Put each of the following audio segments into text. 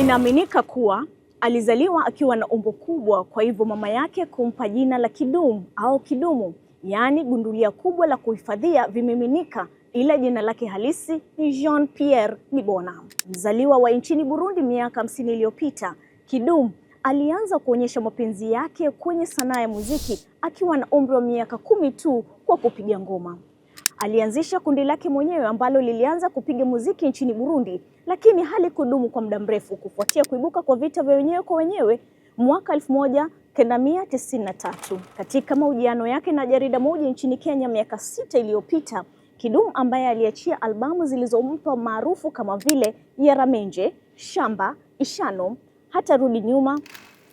Inaaminika kuwa alizaliwa akiwa na umbo kubwa, kwa hivyo mama yake kumpa jina la Kidum au Kidumu, yaani gundulia kubwa la kuhifadhia vimiminika, ila jina lake halisi ni Jean Pierre Nibona. Mzaliwa wa nchini Burundi miaka 50 iliyopita, Kidum Alianza kuonyesha mapenzi yake kwenye sanaa ya muziki akiwa na umri wa miaka kumi tu kwa kupiga ngoma. Alianzisha kundi lake mwenyewe ambalo lilianza kupiga muziki nchini Burundi, lakini halikudumu kwa muda mrefu kufuatia kuibuka kwa vita vya wenyewe kwa wenyewe mwaka tatu. Katika mahojiano yake na jarida moja nchini Kenya miaka sita iliyopita, Kidum ambaye aliachia albamu zilizompa maarufu kama vile Yaramenje, Shamba, Ishano hata rudi nyuma.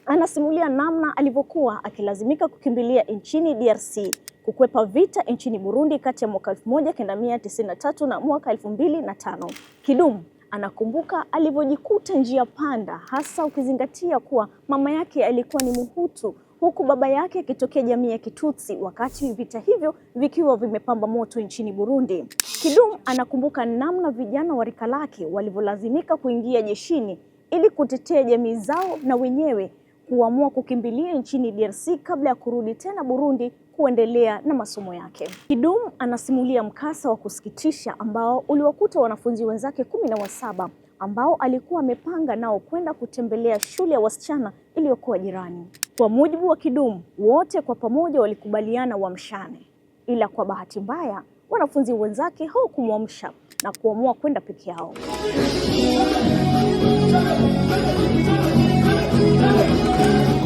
Anasimulia namna alivyokuwa akilazimika kukimbilia nchini DRC kukwepa vita nchini Burundi kati ya mwaka 1993 na mwaka 2005. Kidum anakumbuka alivyojikuta njia panda, hasa ukizingatia kuwa mama yake alikuwa ni Muhutu huku baba yake akitokea jamii ya Kitutsi wakati vita hivyo vikiwa vimepamba moto nchini Burundi. Kidum anakumbuka namna vijana wa rika lake walivyolazimika kuingia jeshini ili kutetea jamii zao na wenyewe kuamua kukimbilia nchini DRC kabla ya kurudi tena Burundi kuendelea na masomo yake. Kidum anasimulia mkasa wa kusikitisha ambao uliwakuta wanafunzi wenzake kumi na wasaba ambao alikuwa amepanga nao kwenda kutembelea shule ya wasichana iliyokuwa jirani. Kwa mujibu wa Kidum, wote kwa pamoja walikubaliana wamshane, ila kwa bahati mbaya wanafunzi wenzake hawakumwamsha na kuamua kwenda peke yao.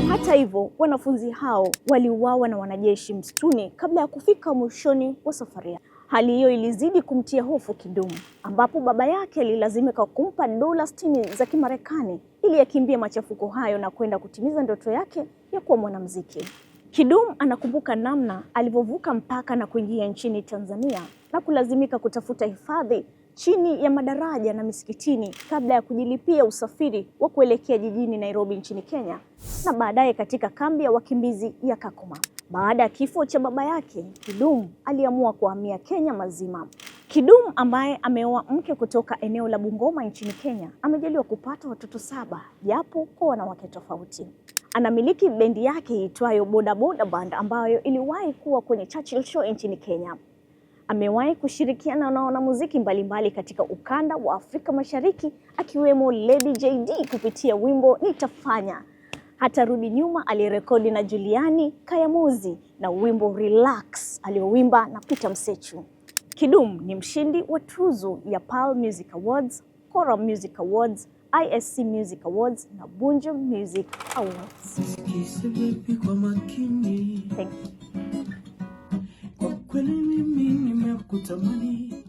Hata hivyo, wanafunzi hao waliuawa na wanajeshi msituni kabla ya kufika mwishoni wa safari. Hali hiyo ilizidi kumtia hofu Kidumu, ambapo baba yake alilazimika kumpa dola sitini za Kimarekani ili akimbie machafuko hayo na kwenda kutimiza ndoto yake ya kuwa mwanamuziki. Kidum anakumbuka namna alivyovuka mpaka na kuingia nchini Tanzania na kulazimika kutafuta hifadhi chini ya madaraja na misikitini kabla ya kujilipia usafiri wa kuelekea jijini Nairobi nchini Kenya na baadaye katika kambi ya wakimbizi ya Kakuma. Baada ya kifo cha baba yake, Kidum aliamua kuhamia Kenya mazima. Kidum ambaye ameoa mke kutoka eneo la Bungoma nchini Kenya amejaliwa kupata watoto saba japo kwa wanawake tofauti. Anamiliki bendi yake iitwayo Boda Boda Band ambayo iliwahi kuwa kwenye Churchill Show nchini Kenya. Amewahi kushirikiana na wanamuziki mbalimbali katika ukanda wa Afrika Mashariki akiwemo Lady JD kupitia wimbo Nitafanya. Hatarudi nyuma alirekodi na Juliani Kayamuzi na wimbo Relax aliyowimba na Peter Msechu. Kidum ni mshindi wa tuzo ya Pal Music Awards, Kora Music Awards, ISC Music Awards na Bunju Music Awards. Thank you. Kwa kweli mimi kutamani